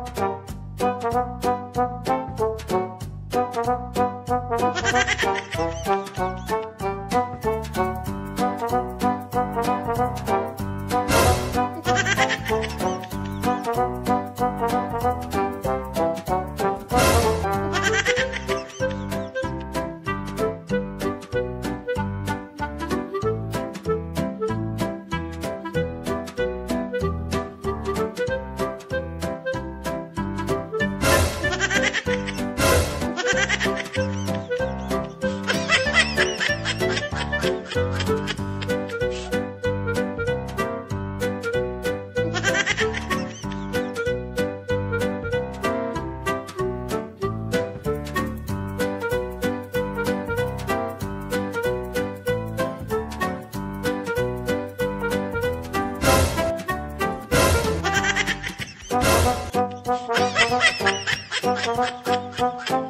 Ha ha ha ha! Thank you.